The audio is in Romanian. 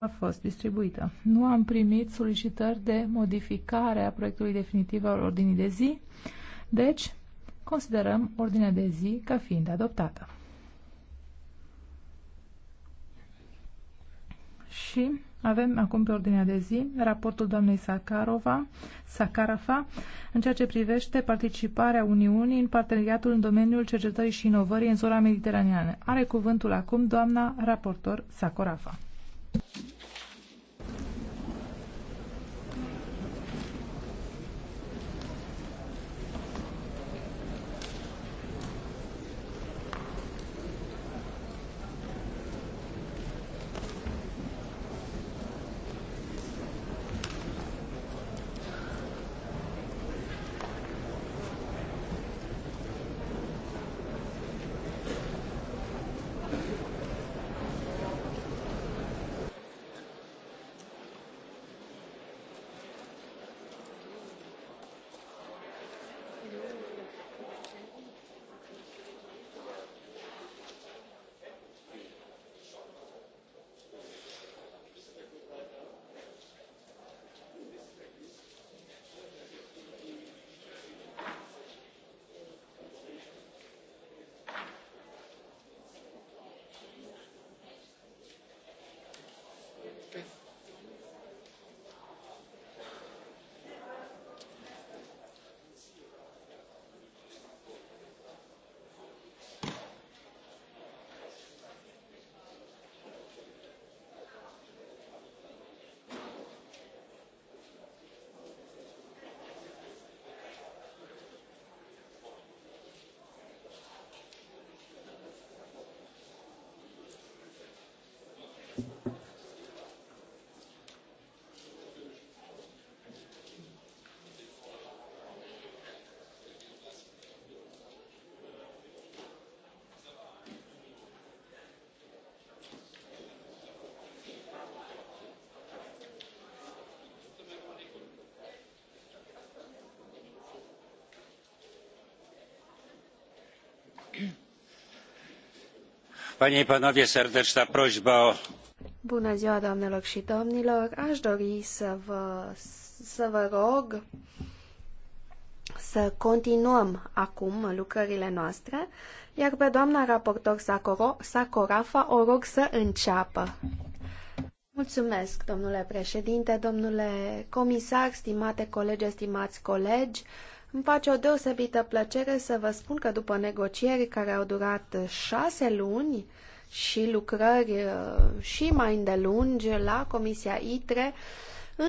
a fost distribuită. Nu am primit solicitări de modificare a proiectului definitiv al ordinii de zi, deci considerăm ordinea de zi ca fiind adoptată. Și avem acum pe ordinea de zi raportul doamnei Sakarova, Sakarafa în ceea ce privește participarea Uniunii în parteneriatul în domeniul cercetării și inovării în zona mediteraneană. Are cuvântul acum doamna raportor Sakorafa. Panie i panowie, serdeczna o... Bună ziua, doamnelor și domnilor! Aș dori să vă, rog să continuăm acum lucrările noastre, iar pe doamna raportor Sacorafa o rog să înceapă. Mulțumesc, domnule președinte, domnule comisar, stimate colegi, stimați colegi. Îmi face o deosebită plăcere să vă spun că după negocieri care au durat șase luni și lucrări uh, și mai îndelungi la Comisia ITRE,